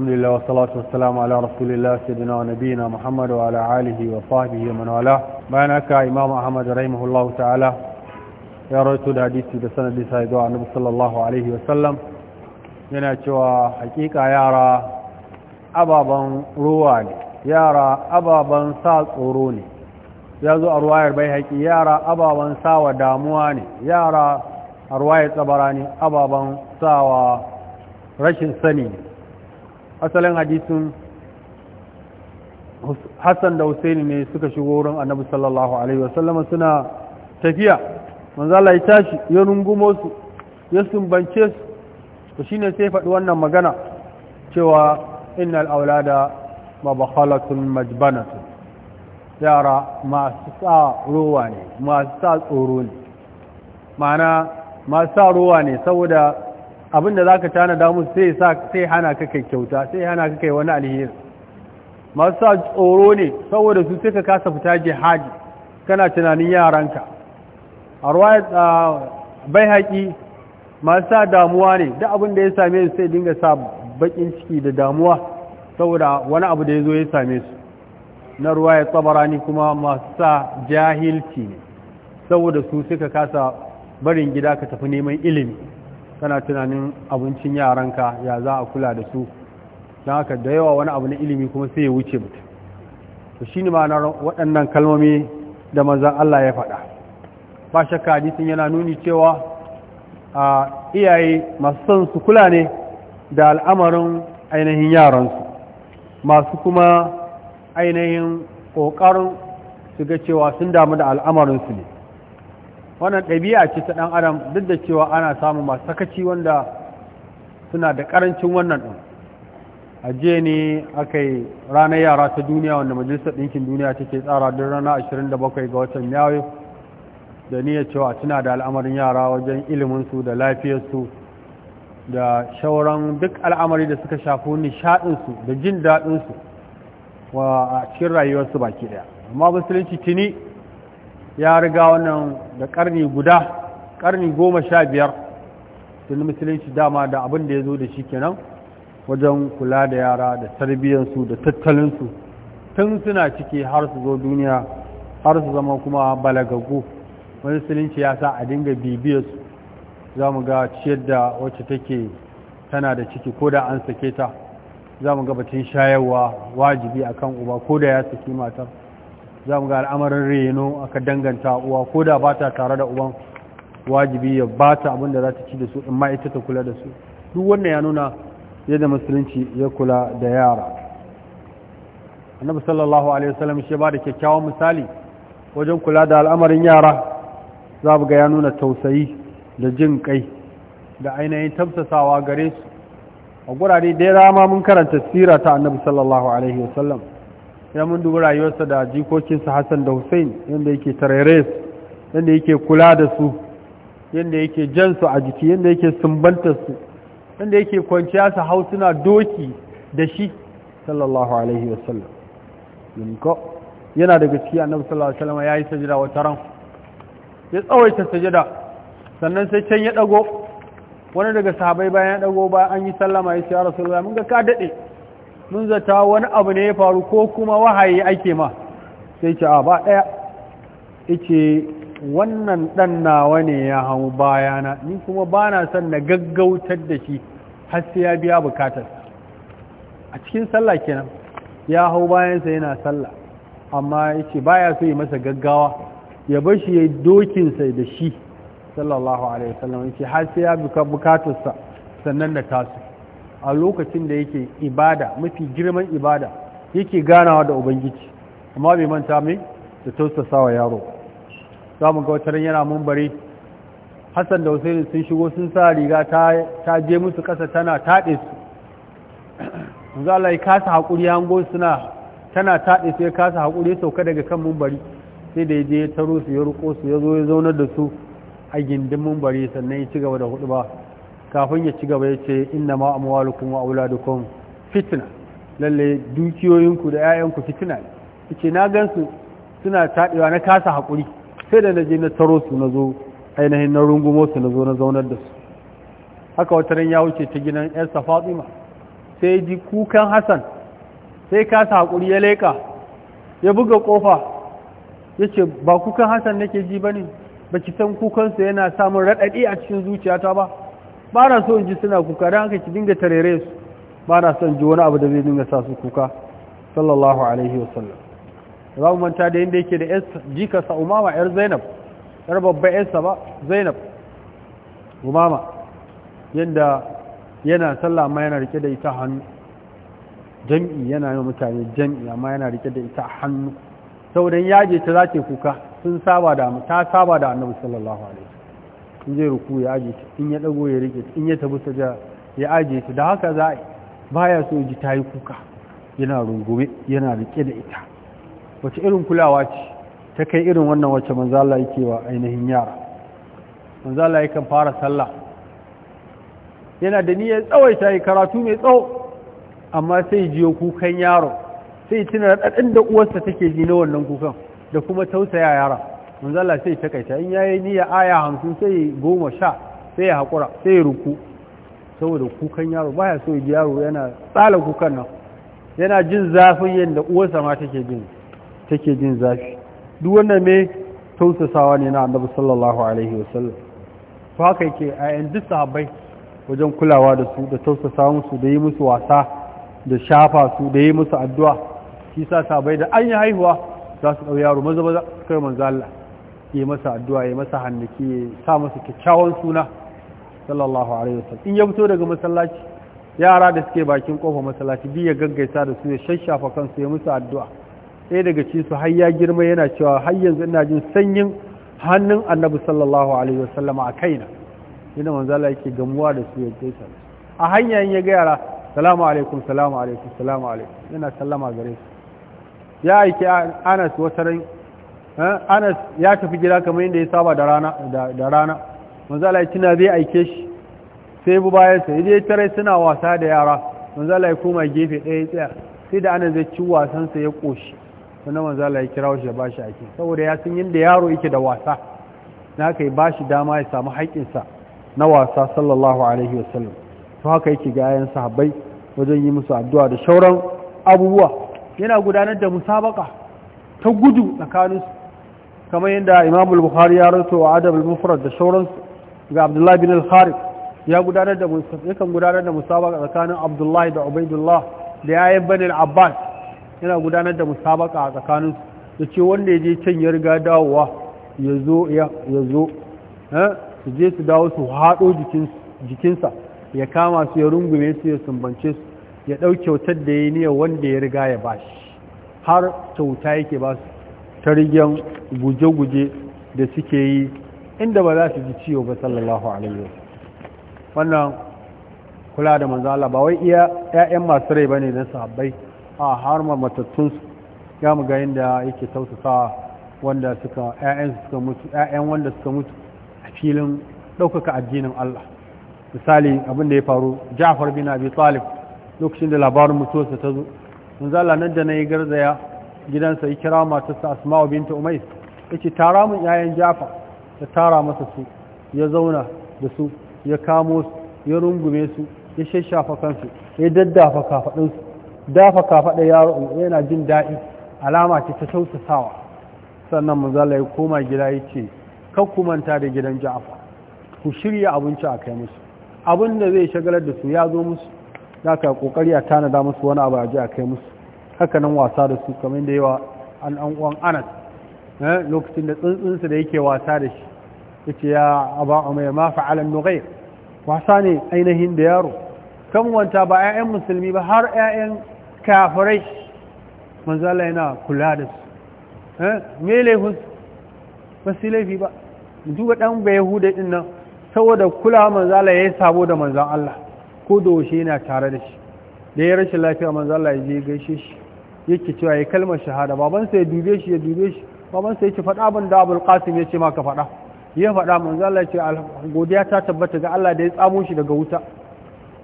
الحمد لله والصلاة والسلام على رسول الله سيدنا ونبينا محمد وعلى آله وصحبه ومن والاه بينك إمام أحمد رحمه الله تعالى يا رويت حديثي بسند سيد النبي صلى الله عليه وسلم yana cewa hakika yara ababen ruwa ne yara ababen sa tsoro ne ya zo a bai haƙi yara ababan sawa damuwa ne yara a ruwayar ababan sawa rashin sani asalin hadisin hassan da husaini ne suka shigo wurin annabi sallallahu alaihi wasallam suna tafiya manzala ya tashi ya rungumo su ya sumbance su to shine sai faɗi wannan magana cewa innal aulada mabakhalatun majbanatu yara masu sa ruwa ne masu sa tsoro ne ma'ana masu sa ruwa ne saboda abin da za ka tanada damu, sai sai hana ka kai kyauta sai hana ka kai wani alheri masu sa tsoro ne saboda su sai ka kasa fita jihadi kana tunanin yaranka a bai haƙi masu sa damuwa ne duk abin da ya same su sai dinga sa bakin ciki da damuwa saboda wani abu da ya zo ya same su na ruwa tsabara tsabarani kuma masu sa jahilci ne saboda su suka kasa barin gida ka tafi neman ilimi kana tunanin abincin yaranka ya za a kula da su don haka da yawa wani abu na ilimi kuma sai ya wuce mutum to shi ne ma'anar waɗannan kalmomi da manzan Allah ya faɗa ba shakka hadisin yana nuni cewa a iyaye masu son su kula ne da al'amarin ainihin yaransu masu kuma ainihin ƙoƙarin su ga cewa sun damu da al'amarinsu ne wannan ɗabi'a ce ta ɗan adam duk da cewa ana samun masu sakaci wanda suna da ƙarancin wannan ɗin ajiye ne aka yi ranar yara ta duniya wanda majalisar ɗinkin duniya take tsara duk rana 27 ga watan yawo da niyyar cewa suna da al'amarin yara wajen iliminsu da lafiyarsu da shauran duk al'amari da suka shafi nishaɗinsu da jin daɗinsu wa a cikin rayuwarsu baki ɗaya amma musulunci tuni ya riga wannan da karni guda karni goma sha biyar tun musulunci dama da abin da ya zo da shi kenan wajen kula da yara da tarbiyyarsu da tattalinsu tun suna ciki har su zo duniya har su zama kuma balagaggu wani musulunci ya sa a dinga bibiyarsu za mu ga ciyar da wacce take tana da ciki ko da an sake ta za mu ga batun shayarwa wajibi akan uba ko da ya saki matar za mu ga al'amarin reno aka danganta uwa ko da ba ta tare da uban wajibi ya ba ta abin da za ta ci da su in ma ita ta kula da su duk wannan ya nuna yadda musulunci ya kula da yara annabi sallallahu alaihi wasallam shi ba da kyakkyawan misali wajen kula da al'amarin yara za mu ga ya nuna tausayi da jin kai da ainihin tamsasawa gare su a gurare da ya mun karanta sira ta annabi sallallahu alaihi wasallam ya mun dubi rayuwarsa da jikokinsa hassan da hussein yadda yake tarere su yadda yake kula da su yadda yake jan su a jiki yadda yake sumbanta su yadda yake kwanciya su hau suna doki da shi sallallahu alaihi wasallam yanko yana daga ciki annabi sallallahu alaihi wasallam yayi sajida wata ran ya tsawaita sajida sannan sai can ya dago wani daga sahabbai bayan ya dago ba an yi sallama ya ce ya rasulullahi mun ga ka dade mun zata wani abu ne ya faru ko kuma wahayi ake ma sai ce a ba ɗaya ice wannan ɗan nawa ne ya hau bayana ni kuma ba na son na gaggautar da shi har sai ya biya bukatar a cikin sallah kenan ya hau bayansa yana sallah amma ya ce ba ya so yi masa gaggawa ya bar shi ya dokinsa da shi sallallahu alaihi wasallam ce har sai ya buka bukatarsa sannan da tasu a lokacin da yake ibada mafi girman ibada yake ganawa da ubangiji amma bai manta mai da wa yaro za mu ga wata yana mumbari hassan da hussein sun shigo sun sa riga ta je musu kasa tana taɗe su za a kasa haƙuri hango suna tana taɗe su ya kasa haƙuri sauka daga kan mumbari sai da ya je ya taro su ya ruko su ya zo ya zaunar da su a gindin mumbari sannan ya ci gaba da hudu ba kafin ya ci gaba ya ce inna ma amwalukum wa auladukum fitna lalle dukiyoyinku da 'ya'yanku fitina ne yace na gansu suna tadewa na kasa haƙuri sai da naje je na taro su na zo ainihin na rungumo su na zo na zaunar da su haka wata ran ya wuce ta gidan yarsa fatima sai ji kukan hassan sai kasa hakuri ya leka ya buga ƙofa yace ba kukan hassan nake ji bane ne ba ki san kukansa yana samun raɗaɗi a cikin zuciyata ba ba na so in ji suna kuka don haka ki dinga tarere su ba na son ji wani abu da zai dinga sa su kuka sallallahu alaihi wa sallam za mu manta da yadda yake da 'yarsa, jikarsa umama yar zainab yar babba yarsa ba zainab umama yadda yana sallah amma yana rike da ita hannu jam'i yana yi mutane jam'i amma yana rike da ita hannu saboda yaje ta za kuka sun saba da ta saba da annabi sallallahu alaihi in zai ruku ya aje ta in ya dago ya rike in ya tabi sajada ya aje ta da haka za baya so ji ta yi kuka yana rungume yana rike da ita wace irin kulawa ce ta kai irin wannan wacce manzala yake wa ainihin yara manzala yakan fara sallah yana da niyyar ta yi karatu mai tsawo amma sai jiyo kukan yaro sai tuna ɗaɗin da uwarsa take ji na wannan kukan da kuma tausaya yara manzala sai ta kaita in yayi niyya aya hamsin sai goma sha sai ya haƙura sai ya ruku saboda kukan yaro baya so ya yaro yana tsala kukan nan yana jin zafin yadda uwarsa ma take jin take jin zafi duk wannan me tausasawa ne na annabi sallallahu alaihi wasallam to haka yake a yan duk sahabbai wajen kulawa da su da tausasawa musu da yi musu wasa da shafa su da yi musu addu'a shi sa sahabbai da an yi haihuwa za su ɗau yaro maza maza kai manzo Allah yi masa addu'a yi masa hannu ke sa masa kyakkyawan suna sallallahu alaihi wasallam in ya fito daga masallaci yara da suke bakin kofa masallaci bi ya gaggaisa da su ya shashafa kansu ya musu addu'a ɗaya daga ci su har ya girma yana cewa har yanzu ina jin sanyin hannun annabi sallallahu alaihi wasallam a kaina ina manzo Allah yake gamuwa da su ya gaisa a hanya in ya ga yara salamu alaikum salamu alaikum salamu alaikum yana sallama gare su ya aiki anas wata ran anas ya tafi gida kamar yadda ya saba da rana da rana zai aike shi sai bu bayan sa yaje tare suna wasa da yara manzo Allah ya koma gefe ɗaya tsaya sai da anas zai ci wasan sa ya koshi sannan manzo Allah ya kira shi ya bashi aiki saboda ya san yadda yaro yake da wasa na haka ya bashi dama ya samu haƙƙinsa na wasa sallallahu alaihi wasallam to haka yake ga ayan sahabbai wajen yi musu addu'a da shauran abubuwa yana gudanar da musabaka ta gudu tsakaninsu kamar yadda imamu al-bukhari ya rato wa adab al-mufrad da shauransu ga abdullahi bin al-kharib ya gudanar da yakan gudanar da musabaka tsakanin abdullahi da ubaidullah da yayin bani al-abbas yana gudanar da musabaka a tsakanin su ce wanda ya je can ya riga dawowa ya zo eh, su je su dawo su haɗo jikinsa ya kama su ya rungume su ya sumbance su ya ɗau kyautar da ya niyyar wanda ya riga ya bashi har kyauta yake ba su ta rigen guje-guje da suke yi inda ba za su ji ciwo ba sallallahu alaihi wannan kula da manzo Allah ba wai iya ƴaƴan masu rai bane da sahabbai a har ma matattun su ya mu ga inda yake tausasa wanda suka ƴaƴan suka mutu ƴaƴan wanda suka mutu a filin ɗaukaka addinin Allah misali abin da ya faru Ja'far bin Abi Talib lokacin da labarin mutuwarsa ta zo manzo Allah nan da nayi garzaya gidansa ya kira matarsa asma'u binta umais yace tara mun yayan jafa ta tara masa su ya zauna da su ya kamo su ya rungume su ya shashafa kansu ya daddafa kafadun su dafa kafada yaro yana jin daɗi alama ce ta tausasawa sannan manzala ya koma gida yace ce. ku manta da gidan jafa ku shirya abinci a kai musu abinda da zai shagalar da su ya zo musu za ka kokari a tanada musu wani abu a ji a kai musu hakanan wasa da su kamar da yawa an an uwan anas eh, lokacin da tsuntsunsa da yake wasa da shi yace ya aba umayya ma fa'ala nughair wasa ne ainihin da yaro kan wanta ba 'ya'yan musulmi ba har 'ya'yan kafirai manzala yana kula da su eh, me laifin ba su laifi ba duba ɗan bai yahuda ɗin nan saboda kula manzala ya yi sabo da manzan Allah ko da yana tare da shi da ya rashin lafiya manzala ya je gaishe shi yake cewa ya kalmar shahada babansa ya dube shi ya dube shi babansa ya ce faɗa abin da abul qasim ya ce maka faɗa ya faɗa manzo Allah ya ce godiya ta tabbata ga Allah da ya tsamo shi daga wuta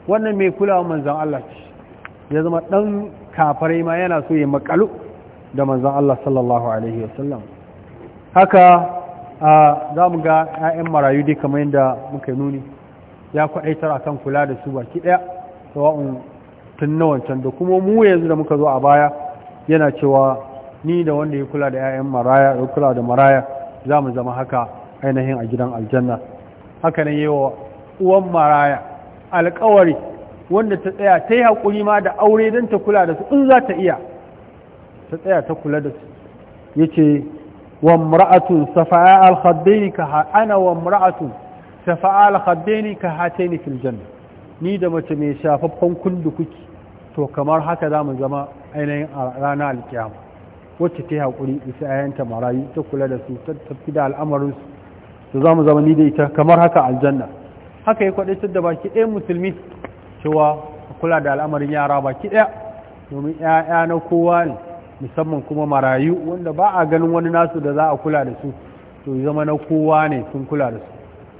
wannan mai kulawa manzon Allah ce ya zama dan kafarai ma yana so ya makalu da manzon Allah sallallahu alaihi wasallam haka za mu ga 'ya'yan marayu dai kamar yadda muka nuni ya kwaɗaitar a kan kula da su baki ɗaya sawa'un tun na wancan da kuma mu yanzu da muka zo a baya yana cewa ni da wanda ya kula da 'ya'yan maraya ya kula da maraya za mu zama haka ainihin a gidan aljanna haka ne yi wa uwan maraya alkawari wanda ta tsaya ta yi haƙuri ma da aure don ta kula da su in za ta iya ta tsaya ta kula da su ya ce wa mura'atun safa'a alhaddeni ka ana wa mura'atun safa'a alhaddeni ka hatani filjan." ni da mace mai shafaffen kundu kuki to kamar haka za mu zama ainihin a ranar alkiyama wacce ta yi haƙuri isa ayanta marayu ta kula da su ta tafi da al'amarin su. to za mu zama ni da ita kamar haka aljanna haka ya kwaɗaitar da baki ɗaya musulmi cewa a kula da al'amarin yara baki ɗaya domin ‘ya'ya na kowa ne musamman kuma marayu wanda ba a ganin wani nasu da za a kula da su to zama na kowa ne sun kula da su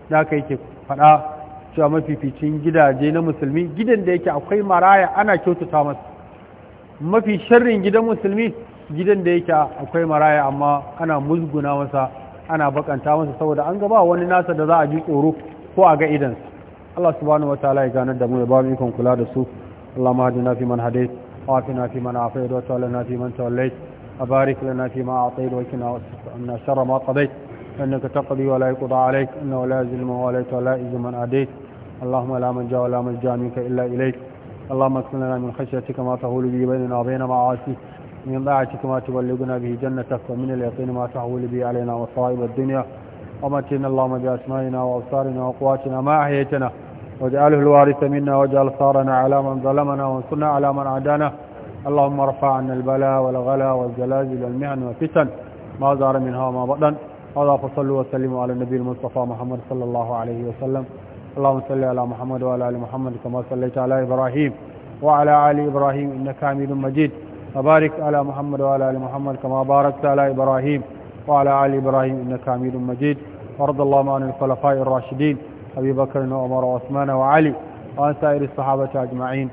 da haka yake faɗa cewa mafificin gidaje na musulmi gidan da yake akwai maraya ana kyautata masa mafi sharrin gidan musulmi gidan da yake akwai maraya amma ana musguna masa ana bakanta masa saboda an gaba wani nasa da za a ji tsoro ko a ga idan. Allah subhanahu wataala ya ganar da mu ya ba mu ikon kula da su Allah ma hadina fi man hadait wa afina fi man afayt wa tawallana fi man tawallait وبارك لنا فيما أعطيت وكنا واصرف عنا شر ما قضيت فإنك تقضي ولا يقضى عليك إنه لا يزل من وليت ولا من أديت اللهم لا من جاء ولا من جاء منك إلا إليك اللهم اكفنا لنا من خشيتك ما تهول به بيننا وبين معاصيك من ضاعتك ما تبلغنا به جنتك ومن اليقين ما تحول به علينا مصائب الدنيا ومتنا اللهم بأسمائنا وأبصارنا وقواتنا ما أحييتنا واجعله الوارث منا واجعل ثارنا على من ظلمنا وانصرنا على من عادانا اللهم ارفع عنا البلاء والغلا والزلازل والمهن والفتن ما زار منها وما بطن هذا فصلوا وسلموا على النبي المصطفى محمد صلى الله عليه وسلم اللهم صل على محمد وعلى ال محمد كما صليت على ابراهيم وعلى ال ابراهيم انك حميد مجيد وبارك على محمد وعلى ال محمد كما باركت على ابراهيم وعلى ال ابراهيم انك حميد مجيد وارض اللهم عن الخلفاء الراشدين ابي بكر وعمر وعثمان وعلي وعن سائر الصحابه اجمعين